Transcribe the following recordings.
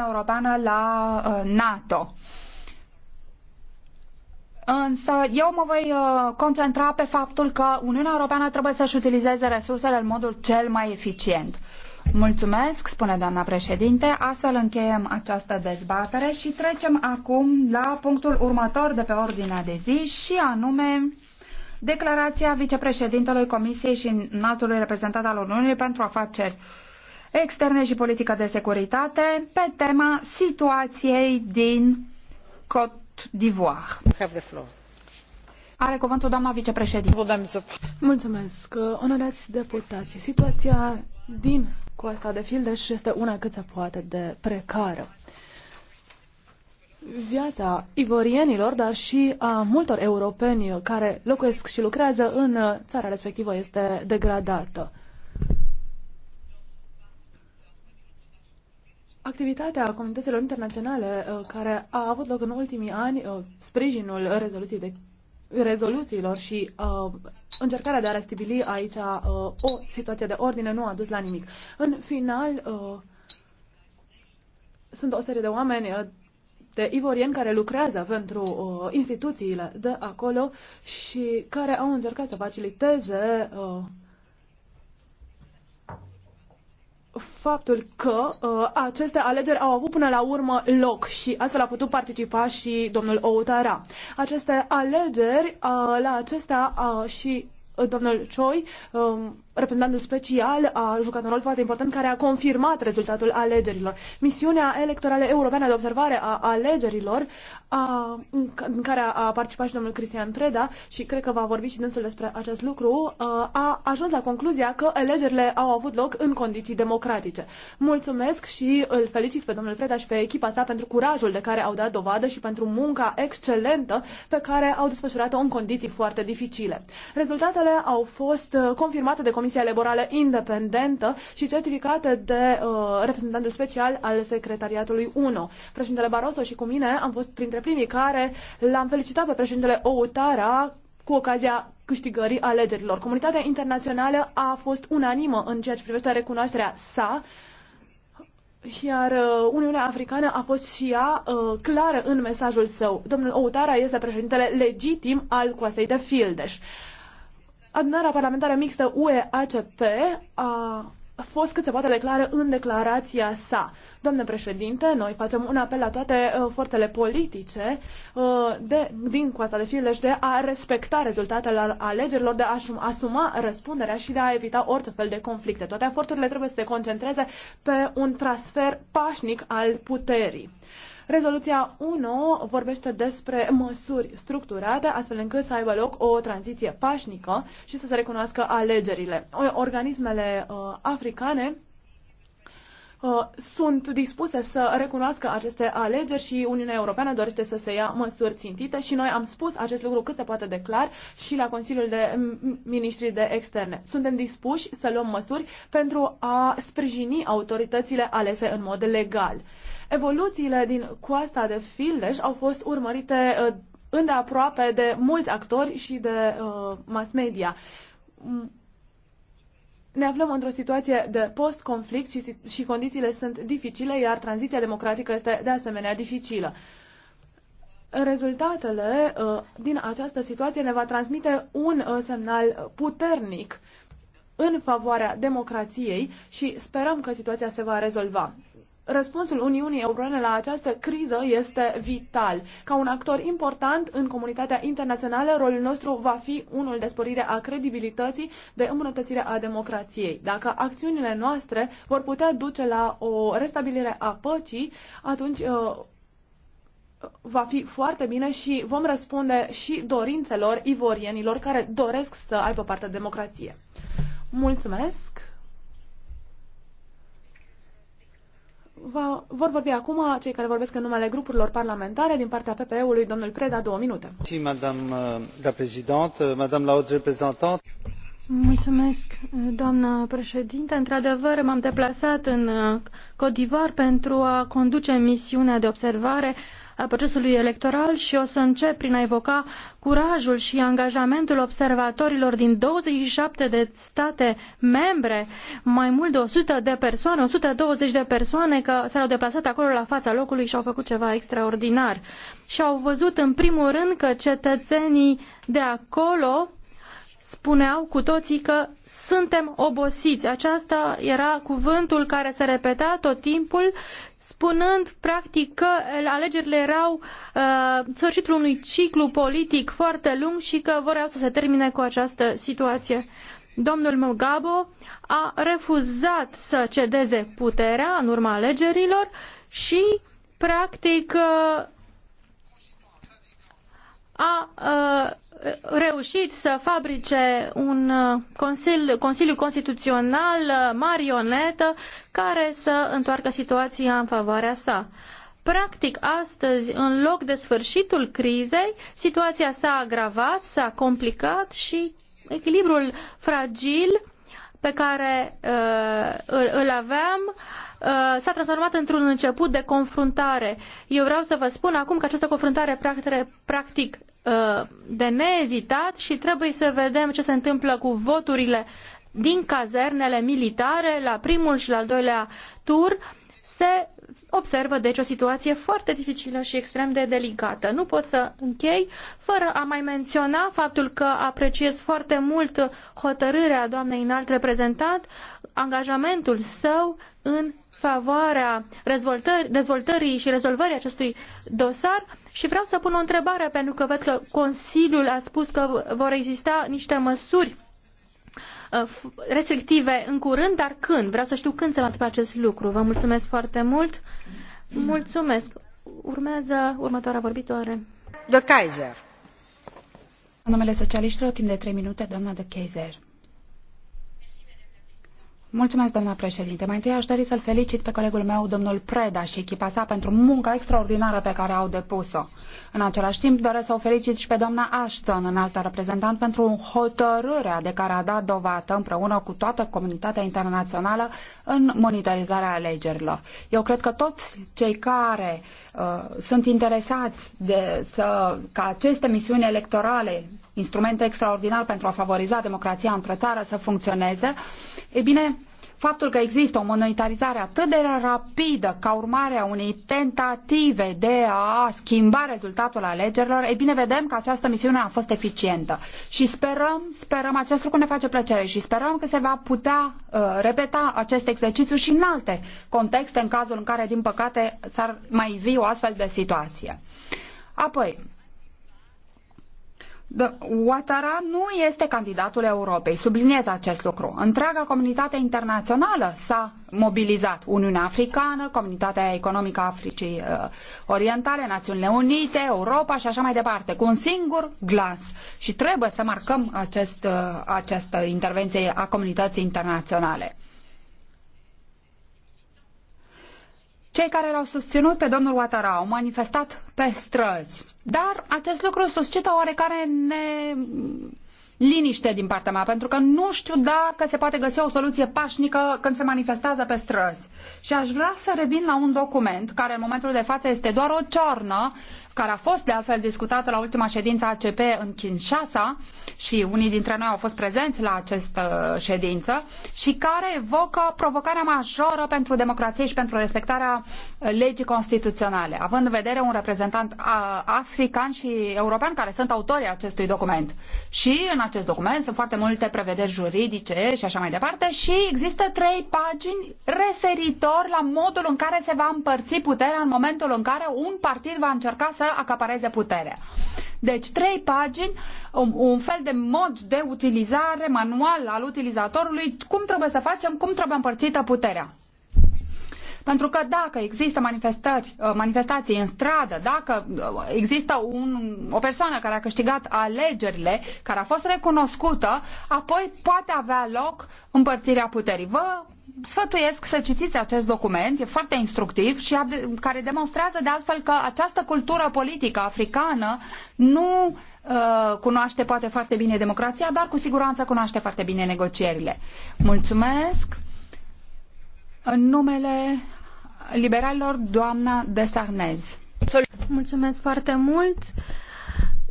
Uniunea Europeană la uh, NATO. Însă eu mă voi uh, concentra pe faptul că Uniunea Europeană trebuie să-și utilizeze resursele în modul cel mai eficient. Mulțumesc, spune doamna președinte. Astfel încheiem această dezbatere și trecem acum la punctul următor de pe ordinea de zi și anume declarația vicepreședintelui Comisiei și înaltului reprezentant al Uniunii pentru afaceri externe și politică de securitate pe tema situației din Côte d'Ivoire. Are cuvântul doamna vicepreședinte. Mulțumesc. Onorați deputații, situația din coasta de Fildeș este una cât se poate de precară. Viața ivorienilor, dar și a multor europeni care locuiesc și lucrează în țara respectivă este degradată. Activitatea comunităților internaționale uh, care a avut loc în ultimii ani, uh, sprijinul rezoluției de, rezoluțiilor și uh, încercarea de a restabili aici uh, o situație de ordine nu a dus la nimic. În final, uh, sunt o serie de oameni uh, de ivorieni care lucrează pentru uh, instituțiile de acolo și care au încercat să faciliteze uh, faptul că uh, aceste alegeri au avut până la urmă loc și astfel a putut participa și domnul Outara. Aceste alegeri, uh, la acestea uh, și Uh, domnul Choi, um, reprezentantul special, a jucat un rol foarte important care a confirmat rezultatul alegerilor. Misiunea electorală europeană de observare a alegerilor, a, în care a participat și domnul Cristian Preda și cred că va vorbi și dânsul despre acest lucru, uh, a ajuns la concluzia că alegerile au avut loc în condiții democratice. Mulțumesc și îl felicit pe domnul Preda și pe echipa sa pentru curajul de care au dat dovadă și pentru munca excelentă pe care au desfășurat-o în condiții foarte dificile. Rezultatele Rezultatele au fost uh, confirmate de Comisia Electorală Independentă și certificate de uh, reprezentantul special al Secretariatului 1. Președintele Barroso și cu mine am fost printre primii care l-am felicitat pe președintele Outara cu ocazia câștigării alegerilor. Comunitatea internațională a fost unanimă în ceea ce privește recunoașterea sa iar uh, Uniunea Africană a fost și ea uh, clară în mesajul său. Domnul Outara este președintele legitim al Coastei de Fildeș adunarea parlamentară mixtă UE-ACP a fost cât se poate declară în declarația sa. domnule președinte, noi facem un apel la toate uh, forțele politice uh, de, din coasta de Fileș de a respecta rezultatele alegerilor, de a asuma răspunderea și de a evita orice fel de conflicte. Toate eforturile trebuie să se concentreze pe un transfer pașnic al puterii. Uh, Rezoluția 1 vorbește despre măsuri structurate, astfel încât să aibă loc o tranziție pașnică și să se recunoască alegerile. Organismele uh, africane Uh, sunt dispuse să recunoască aceste alegeri și Uniunea Europeană dorește să se ia măsuri țintite și noi am spus acest lucru cât se poate de clar și la Consiliul de Ministri de Externe. Suntem dispuși să luăm măsuri pentru a sprijini autoritățile alese în mod legal. Evoluțiile din coasta de Fildeș au fost urmărite uh, îndeaproape de mulți actori și de uh, mass media ne aflăm într-o situație de post-conflict și, și condițiile sunt dificile, iar tranziția democratică este de asemenea dificilă. Rezultatele uh, din această situație ne va transmite un uh, semnal puternic în favoarea democrației și sperăm că situația se va rezolva. Răspunsul Uniunii Europene la această criză este vital. Ca un actor important în comunitatea internațională, rolul nostru va fi unul de sporire a credibilității, de îmbunătățire a democrației. Dacă acțiunile noastre vor putea duce la o restabilire a păcii, atunci uh, va fi foarte bine și vom răspunde și dorințelor ivorienilor care doresc să aibă parte de democrație. Mulțumesc! va, vor vorbi acum cei care vorbesc în numele grupurilor parlamentare din partea PPE-ului, domnul Preda, două minute. Euh, euh, reprezentant. Mulțumesc, doamnă președinte. Într-adevăr, m-am deplasat în uh, Codivar pentru a conduce misiunea de observare procesului electoral și o să încep prin a evoca curajul și angajamentul observatorilor din 27 de state membre, mai mult de 100 de persoane, 120 de persoane că s-au deplasat acolo la fața locului și au făcut ceva extraordinar. Și au văzut în primul rând că cetățenii de acolo spuneau cu toții că suntem obosiți. Aceasta era cuvântul care se repeta tot timpul, spunând practic că alegerile erau uh, sfârșitul unui ciclu politic foarte lung și că voreau să se termine cu această situație. Domnul Mugabe a refuzat să cedeze puterea în urma alegerilor și practic uh, a reușit să fabrice un consiliu, consiliu Constituțional marionetă care să întoarcă situația în favoarea sa. Practic, astăzi, în loc de sfârșitul crizei, situația s-a agravat, s-a complicat și echilibrul fragil pe care uh, îl, îl aveam uh, Uh, s-a transformat într-un început de confruntare. Eu vreau să vă spun acum că această confruntare practic uh, de neevitat și trebuie să vedem ce se întâmplă cu voturile din cazernele militare la primul și la al doilea tur. Se observă deci o situație foarte dificilă și extrem de delicată. Nu pot să închei fără a mai menționa faptul că apreciez foarte mult hotărârea doamnei înalt reprezentant, angajamentul său în favoarea dezvoltării și rezolvării acestui dosar și vreau să pun o întrebare pentru că văd că Consiliul a spus că vor exista niște măsuri uh, restrictive în curând, dar când? Vreau să știu când se va întâmpla acest lucru. Vă mulțumesc foarte mult. Mulțumesc. Urmează următoarea vorbitoare. De Kaiser. În numele socialiștilor, timp de 3 minute, doamna de Kaiser. Mulțumesc, doamna președinte. Mai întâi aș dori să-l felicit pe colegul meu, domnul Preda și echipa sa pentru munca extraordinară pe care au depus-o. În același timp, doresc să o felicit și pe doamna Ashton, înaltă reprezentant, pentru hotărârea de care a dat dovadă împreună cu toată comunitatea internațională în monitorizarea alegerilor. Eu cred că toți cei care uh, sunt interesați de să, ca aceste misiuni electorale, instrumente extraordinar pentru a favoriza democrația într-o țară, să funcționeze, e bine, faptul că există o monetarizare atât de rapidă ca urmare a unei tentative de a schimba rezultatul alegerilor, ei bine, vedem că această misiune a fost eficientă. Și sperăm, sperăm, acest lucru ne face plăcere și sperăm că se va putea uh, repeta acest exercițiu și în alte contexte, în cazul în care, din păcate, s-ar mai vi o astfel de situație. Apoi, Ouattara nu este candidatul Europei, subliniez acest lucru. Întreaga comunitate internațională s-a mobilizat. Uniunea Africană, Comunitatea Economică a Africii uh, Orientale, Națiunile Unite, Europa și așa mai departe, cu un singur glas. Și trebuie să marcăm acest, uh, această intervenție a comunității internaționale. Cei care l-au susținut pe domnul Ouattara au manifestat pe străzi, dar acest lucru suscită oarecare ne liniște din partea mea, pentru că nu știu dacă se poate găsi o soluție pașnică când se manifestează pe străzi. Și aș vrea să revin la un document care în momentul de față este doar o ciornă, care a fost de altfel discutată la ultima ședință ACP în Kinshasa și unii dintre noi au fost prezenți la această ședință și care evocă provocarea majoră pentru democrație și pentru respectarea legii constituționale, având în vedere un reprezentant african și european care sunt autorii acestui document. Și în acest document sunt foarte multe prevederi juridice și așa mai departe și există trei pagini referitor la modul în care se va împărți puterea în momentul în care un partid va încerca să acapareze puterea. Deci trei pagini, un, un fel de mod de utilizare manual al utilizatorului, cum trebuie să facem, cum trebuie împărțită puterea. Pentru că dacă există manifestări, uh, manifestații în stradă, dacă uh, există un, o persoană care a câștigat alegerile, care a fost recunoscută, apoi poate avea loc împărțirea puterii. Vă sfătuiesc să citiți acest document, e foarte instructiv și care demonstrează de altfel că această cultură politică africană nu uh, cunoaște poate foarte bine democrația, dar cu siguranță cunoaște foarte bine negocierile. Mulțumesc! În numele liberalilor, doamna de Sarnez. Mulțumesc foarte mult.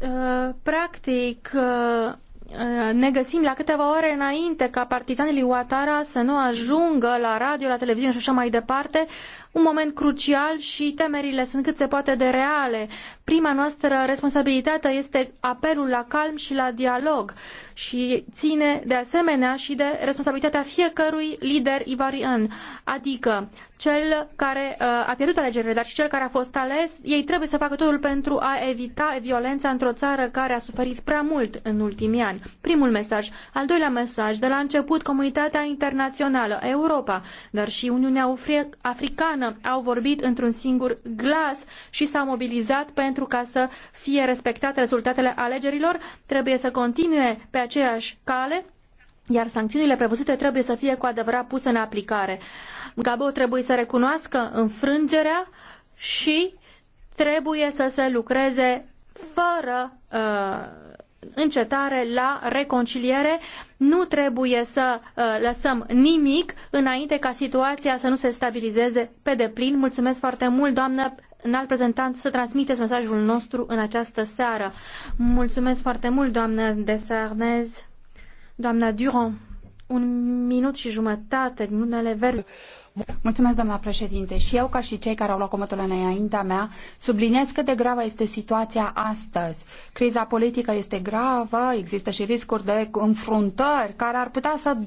Uh, practic, uh, uh, ne găsim la câteva ore înainte ca partizanii lui Ouattara să nu ajungă la radio, la televiziune și așa mai departe un moment crucial și temerile sunt cât se poate de reale. Prima noastră responsabilitate este apelul la calm și la dialog și ține de asemenea și de responsabilitatea fiecărui lider ivarian, adică cel care uh, a pierdut alegerile, dar și cel care a fost ales, ei trebuie să facă totul pentru a evita violența într-o țară care a suferit prea mult în ultimii ani. Primul mesaj. Al doilea mesaj. De la început, comunitatea internațională, Europa, dar și Uniunea Africană, europeană au vorbit într-un singur glas și s-au mobilizat pentru ca să fie respectate rezultatele alegerilor, trebuie să continue pe aceeași cale, iar sancțiunile prevăzute trebuie să fie cu adevărat puse în aplicare. Gabo trebuie să recunoască înfrângerea și trebuie să se lucreze fără uh, încetare la reconciliere. Nu trebuie să uh, lăsăm nimic înainte ca situația să nu se stabilizeze pe deplin. Mulțumesc foarte mult, doamnă înalt prezentant, să transmiteți mesajul nostru în această seară. Mulțumesc foarte mult, doamnă Desarnez, doamna Durand. Un minut și jumătate din unele verzi. Mulțumesc, doamna președinte. Și eu, ca și cei care au luat cuvântul înaintea mea, subliniez cât de gravă este situația astăzi. Criza politică este gravă, există și riscuri de înfruntări care ar putea să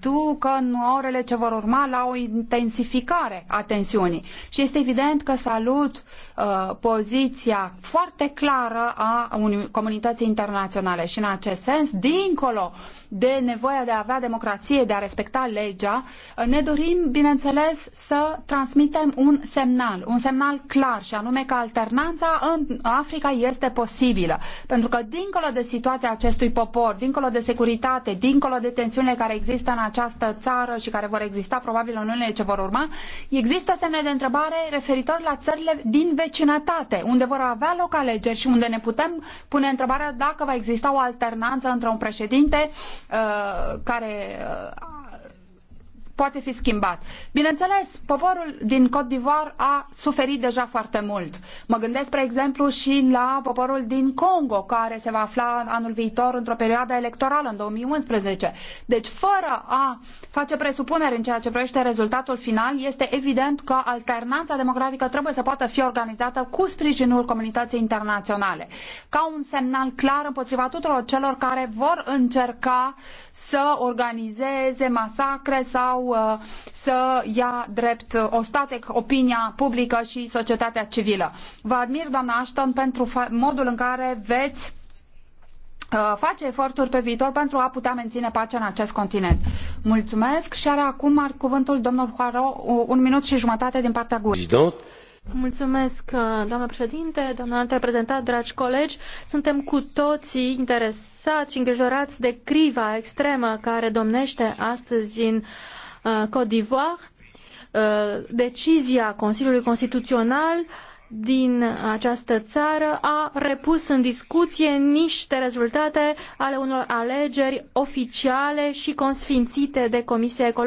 ducă în orele ce vor urma la o intensificare a tensiunii. Și este evident că salut uh, poziția foarte clară a unii, comunității internaționale și în acest sens, dincolo de nevoia de a avea democrație, de a respecta legea, uh, ne dorim, bineînțeles, să transmitem un semnal, un semnal clar și anume că alternanța în Africa este posibilă. Pentru că dincolo de situația acestui popor, dincolo de securitate, dincolo de tensiunile care există în această țară și care vor exista probabil în lunile ce vor urma, există semne de întrebare referitor la țările din vecinătate, unde vor avea loc alegeri și unde ne putem pune întrebarea dacă va exista o alternanță între un președinte uh, care uh, poate fi schimbat. Bineînțeles, poporul din Côte d'Ivoire a suferit deja foarte mult. Mă gândesc, spre exemplu, și la poporul din Congo, care se va afla anul viitor într-o perioadă electorală, în 2011. Deci, fără a face presupuneri în ceea ce privește rezultatul final, este evident că alternanța democratică trebuie să poată fi organizată cu sprijinul comunității internaționale, ca un semnal clar împotriva tuturor celor care vor încerca să organizeze masacre sau sau uh, să ia drept o uh, ostatec opinia publică și societatea civilă. Vă admir, doamna Ashton, pentru modul în care veți uh, face eforturi pe viitor pentru a putea menține pacea în acest continent. Mulțumesc și are acum ar cuvântul domnul Hoaro, un minut și jumătate din partea GUE. Mulțumesc, doamnă președinte, doamnă înalt reprezentat, dragi colegi. Suntem cu toții interesați și îngrijorați de criva extremă care domnește astăzi în uh, Côte d'Ivoire, uh, decizia Consiliului Constituțional din această țară a repus în discuție niște rezultate ale unor alegeri oficiale și consfințite de Comisia uh,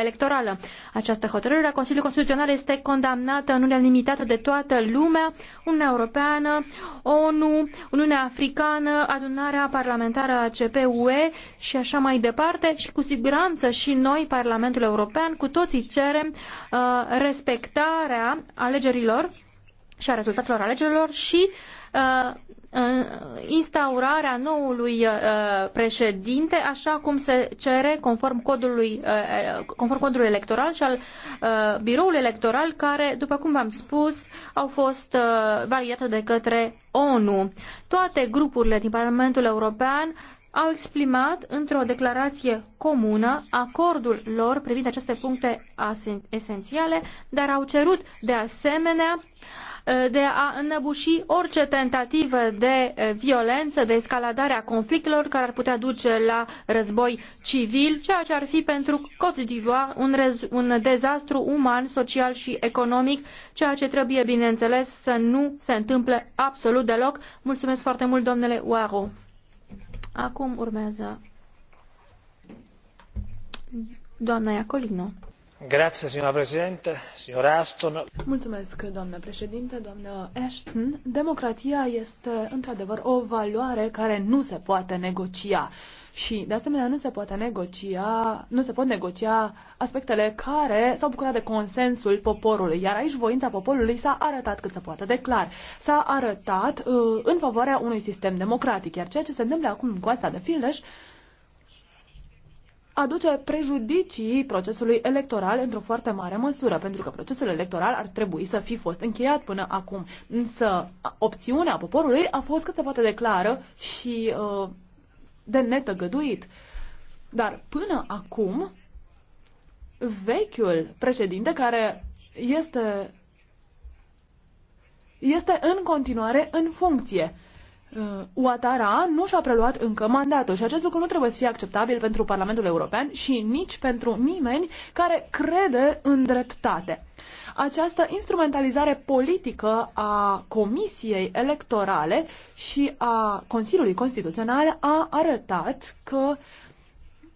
Electorală. Această hotărâre a Consiliului Constituțional este condamnată în unanimitate de toată lumea, Uniunea Europeană, ONU, Uniunea Africană, Adunarea Parlamentară a CPUE și așa mai departe și cu siguranță și noi, Parlamentul European, cu toții cerem uh, respectarea alegerilor și a rezultatelor alegerilor și uh, instaurarea noului uh, președinte, așa cum se cere conform codului, uh, uh, conform codului electoral și al uh, biroului electoral, care, după cum v-am spus, au fost uh, validate de către ONU. Toate grupurile din Parlamentul European au exprimat într-o declarație comună acordul lor privind aceste puncte esențiale, dar au cerut de asemenea uh, Eh, de a înnăbuși orice tentativă de eh, violență, de escaladare a conflictelor care ar putea duce la război civil, ceea ce ar fi pentru Côte d'Ivoire un, un dezastru uman, social și economic, ceea ce trebuie, bineînțeles, să nu se întâmple absolut deloc. Mulțumesc foarte mult, domnule Oaro. Acum urmează doamna Iacolino. Grazie, Mulțumesc, doamnă președinte, doamnă Ashton. Democratia este, într-adevăr, o valoare care nu se poate negocia. Și, de asemenea, nu se poate negocia, nu se pot negocia aspectele care s-au bucurat de consensul poporului, iar aici voința poporului s-a arătat cât se poate de clar. S-a arătat uh, în favoarea unui sistem democratic, iar ceea ce se întâmplă acum cu asta de Finleș aduce prejudicii procesului electoral într-o foarte mare măsură, pentru că procesul electoral ar trebui să fi fost încheiat până acum. Însă opțiunea poporului a fost cât se poate declară și uh, de netăgăduit. Dar până acum, vechiul președinte care este este în continuare în funcție. Uh, Uatara nu și-a preluat încă mandatul și acest lucru nu trebuie să fie acceptabil pentru Parlamentul European și nici pentru nimeni care crede în dreptate. Această instrumentalizare politică a Comisiei Electorale și a Consiliului Constituțional a arătat că uh,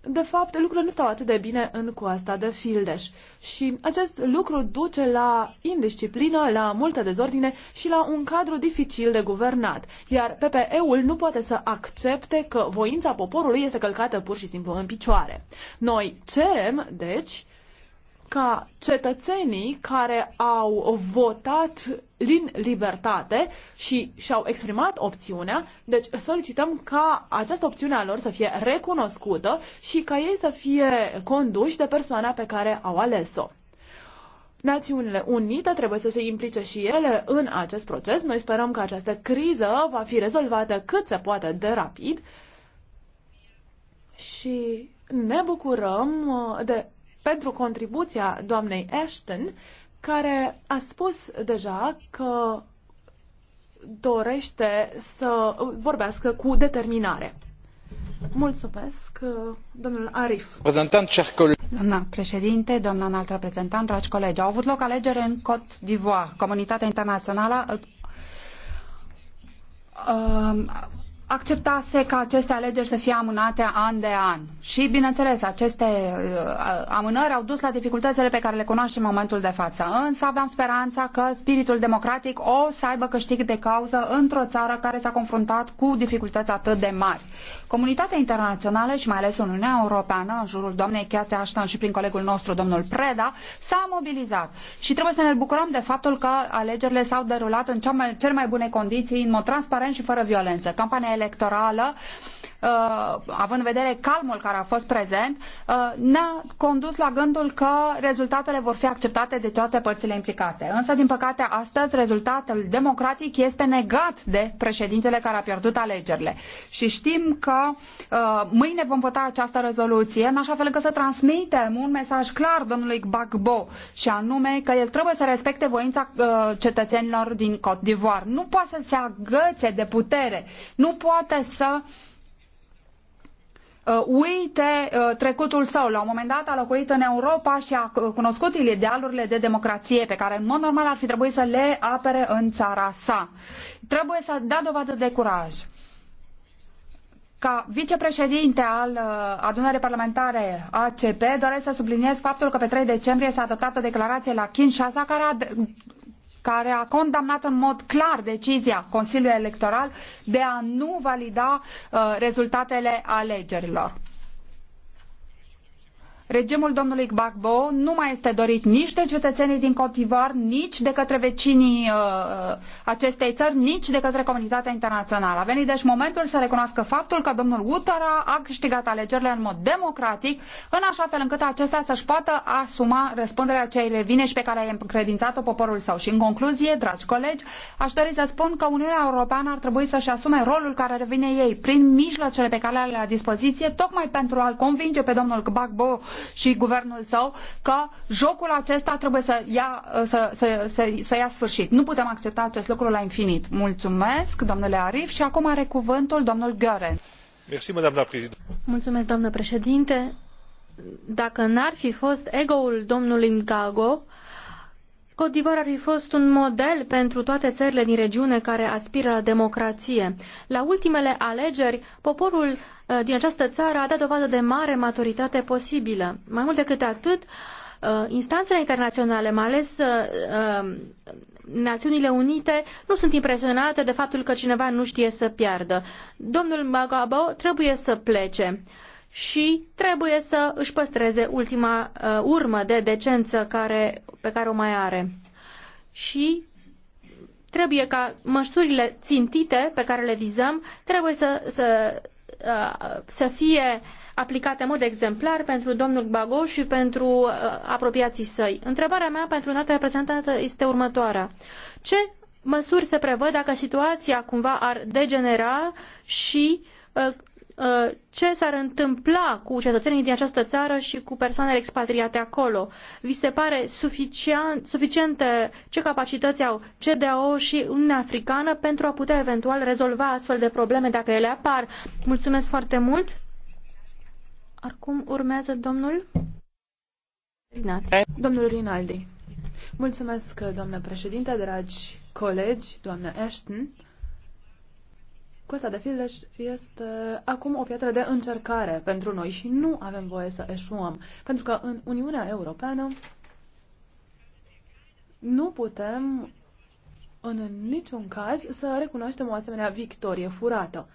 de fapt, lucrurile nu stau atât de bine în coasta de Fildeș. Și acest lucru duce la indisciplină, la multă dezordine și la un cadru dificil de guvernat. Iar PPE-ul nu poate să accepte că voința poporului este călcată pur și simplu în picioare. Noi cerem, deci, ca cetățenii care au votat din libertate și și-au exprimat opțiunea, deci solicităm ca această opțiune a lor să fie recunoscută și ca ei să fie conduși de persoana pe care au ales-o. Națiunile Unite trebuie să se implice și ele în acest proces. Noi sperăm că această criză va fi rezolvată cât se poate de rapid și ne bucurăm uh, de pentru contribuția doamnei Ashton, care a spus deja că dorește să vorbească cu determinare. Mulțumesc, domnul Arif. Doamna președinte, doamna înalt reprezentant, dragi colegi, au avut loc alegeri în cote d'Ivoire. Comunitatea internațională uh, acceptase ca aceste alegeri să fie amânate an de an. Și, bineînțeles, aceste uh, amânări au dus la dificultățile pe care le cunoaștem în momentul de față. Însă aveam speranța că spiritul democratic o să aibă câștig de cauză într-o țară care s-a confruntat cu dificultăți atât de mari. Comunitatea internațională și mai ales Uniunea Europeană, în jurul doamnei Chiate Ashton și prin colegul nostru, domnul Preda, s-a mobilizat. Și trebuie să ne bucurăm de faptul că alegerile s-au derulat în cea mai, cele mai bune condiții, în mod transparent și fără violență. Campania electorală Uh, având în vedere calmul care a fost prezent, uh, ne-a condus la gândul că rezultatele vor fi acceptate de toate părțile implicate. Însă, din păcate, astăzi rezultatul democratic este negat de președintele care a pierdut alegerile. Și știm că uh, mâine vom vota această rezoluție în așa fel încât să transmitem un mesaj clar domnului Gbagbo și anume că el trebuie să respecte voința cetățenilor din Cote d'Ivoire. Nu poate să se agățe de putere, nu poate să uh, Uh, uite uh, trecutul său. La un moment dat a locuit în Europa și a cunoscut idealurile de democrație pe care în mod normal ar fi trebuit să le apere în țara sa. Trebuie să dea dovadă de curaj. Ca vicepreședinte al uh, adunării parlamentare ACP, doresc să subliniez faptul că pe 3 decembrie s-a adoptat o declarație la Kinshasa care a care a condamnat în mod clar decizia Consiliului Electoral de a nu valida uh, rezultatele alegerilor. Regimul domnului Gbagbo nu mai este dorit nici de cetățenii din Cotivar, nici de către vecinii uh, uh, acestei țări, nici de către comunitatea internațională. A venit deci momentul să recunoască faptul că domnul Utara a câștigat alegerile în mod democratic, în așa fel încât acesta să-și poată asuma răspunderea ce îi revine și pe care i-a încredințat-o poporul său. Și în concluzie, dragi colegi, aș dori să spun că Uniunea Europeană ar trebui să-și asume rolul care revine ei prin mijloacele pe care le are la dispoziție, tocmai pentru a-l convinge pe domnul Gbagbo și guvernul său că jocul acesta trebuie să ia, să, să, să, să ia sfârșit. Nu putem accepta acest lucru la infinit. Mulțumesc, domnule Arif, și acum are cuvântul domnul Gören. Mulțumesc, doamnă președinte. Dacă n-ar fi fost ego-ul domnului Ngago, Côte d'Ivoire ar fi fost un model pentru toate țările din regiune care aspiră la democrație. La ultimele alegeri, poporul uh, din această țară a dat dovadă de mare maturitate posibilă. Mai mult decât atât, uh, instanțele internaționale, mai ales uh, Națiunile Unite, nu sunt impresionate de faptul că cineva nu știe să piardă. Domnul Magabo trebuie să plece și trebuie să își păstreze ultima uh, urmă de decență care, pe care o mai are. Și trebuie ca măsurile țintite pe care le vizăm trebuie să, să, uh, să fie aplicate în mod exemplar pentru domnul Bago și pentru uh, apropiații săi. Întrebarea mea pentru înaltă reprezentantă este următoarea. Ce măsuri se prevăd dacă situația cumva ar degenera și uh, Uh, ce s-ar întâmpla cu cetățenii din această țară și cu persoanele expatriate acolo. Vi se pare suficient, suficiente ce capacități au CDAO și Uniunea Africană pentru a putea eventual rezolva astfel de probleme dacă ele apar? Mulțumesc foarte mult! Acum urmează domnul Rinaldi. Domnul Rinaldi. Mulțumesc, doamnă președinte, dragi colegi, doamnă Ashton. Costa de Fildeș este acum o piatră de încercare pentru noi și nu avem voie să eșuăm, pentru că în Uniunea Europeană nu putem în niciun caz să recunoaștem o asemenea victorie furată.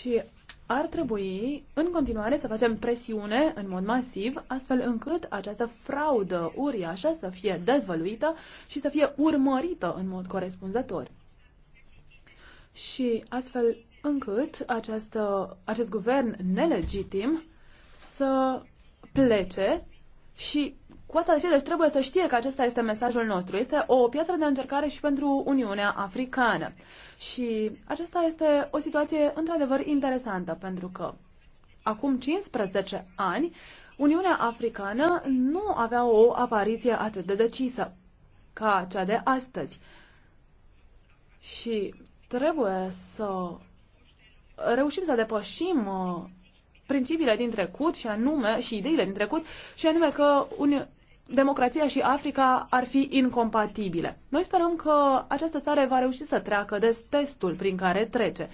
Și ar trebui în continuare să facem presiune în mod masiv, astfel încât această fraudă uriașă să fie dezvăluită și să fie urmărită în mod corespunzător și astfel încât această, acest guvern nelegitim să plece și cu asta de fie, deci trebuie să știe că acesta este mesajul nostru. Este o piatră de încercare și pentru Uniunea Africană. Și aceasta este o situație într-adevăr interesantă, pentru că acum 15 ani Uniunea Africană nu avea o apariție atât de decisă ca cea de astăzi. Și Trebuie să reușim să depășim uh, principiile din trecut și anume și ideile din trecut și anume că un, democrația și Africa ar fi incompatibile. Noi sperăm că această țară va reuși să treacă de testul prin care trece.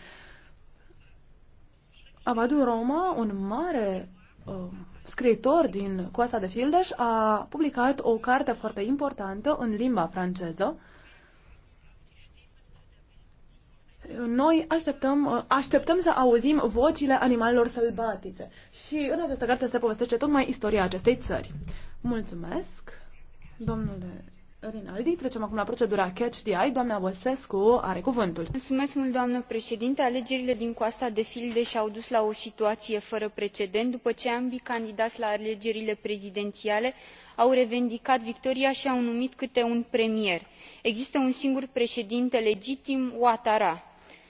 Abadu Roma, un mare uh, scriitor din Coasta de Fildeș, a publicat o carte foarte importantă în limba franceză noi așteptăm, uh, așteptăm să auzim vocile animalelor sălbatice. Și în această carte se povestește tot mai istoria acestei țări. Mulțumesc, domnule Rinaldi. Trecem acum la procedura Catch the Eye. Doamna Băsescu are cuvântul. Mulțumesc mult, doamnă președinte. Alegerile din coasta de Filde și-au dus la o situație fără precedent după ce ambii candidați la alegerile prezidențiale au revendicat victoria și au numit câte un premier. Există un singur președinte legitim, Ouattara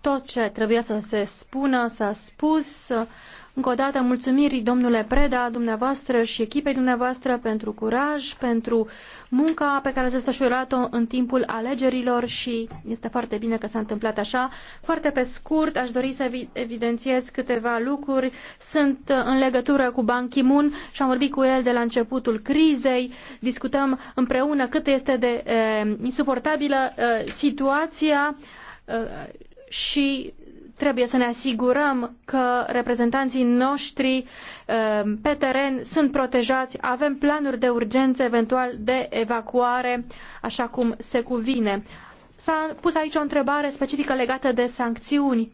tot ce trebuia să se spună, s-a spus. Încă o dată, mulțumiri, domnule Preda, dumneavoastră și echipei dumneavoastră pentru curaj, pentru munca pe care ați desfășurat-o în timpul alegerilor și este foarte bine că s-a întâmplat așa. Foarte pe scurt, aș dori să evidențiez câteva lucruri. Sunt în legătură cu Ban Ki-moon și am vorbit cu el de la începutul crizei. Discutăm împreună cât este de e, eh, insuportabilă e, eh, situația e, eh, și trebuie să ne asigurăm că reprezentanții noștri uh, pe teren sunt protejați, avem planuri de urgență, eventual de evacuare, așa cum se cuvine. S-a pus aici o întrebare specifică legată de sancțiuni.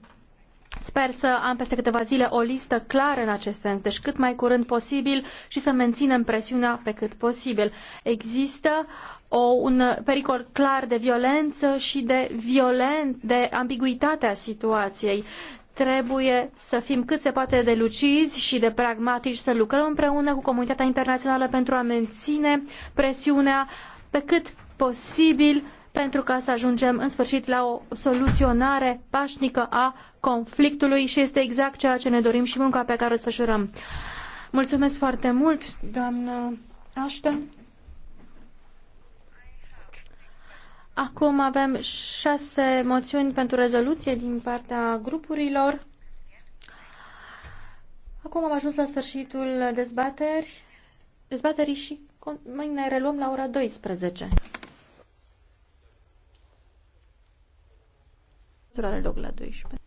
Sper să am peste câteva zile o listă clară în acest sens, deci cât mai curând posibil și să menținem presiunea pe cât posibil. Există o, un pericol clar de violență și de violent, de ambiguitatea situației. Trebuie să fim cât se poate de lucizi și de pragmatici, să lucrăm împreună cu comunitatea internațională pentru a menține presiunea pe cât posibil pentru ca să ajungem în sfârșit la o soluționare pașnică a conflictului și este exact ceea ce ne dorim și munca pe care o desfășurăm. Mulțumesc foarte mult, doamnă Ashton. Acum avem șase moțiuni pentru rezoluție din partea grupurilor. Acum am ajuns la sfârșitul dezbateri, dezbaterii și mai ne reluăm la ora 12. Ora loc la 12.